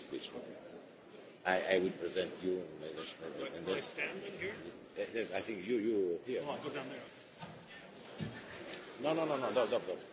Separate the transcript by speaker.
Speaker 1: seriously spoken. I, I will present you. Management, and then, I stand here. Eh, yes, I think you you here. No, I go down there. No, no,
Speaker 2: no, no, no, no, no.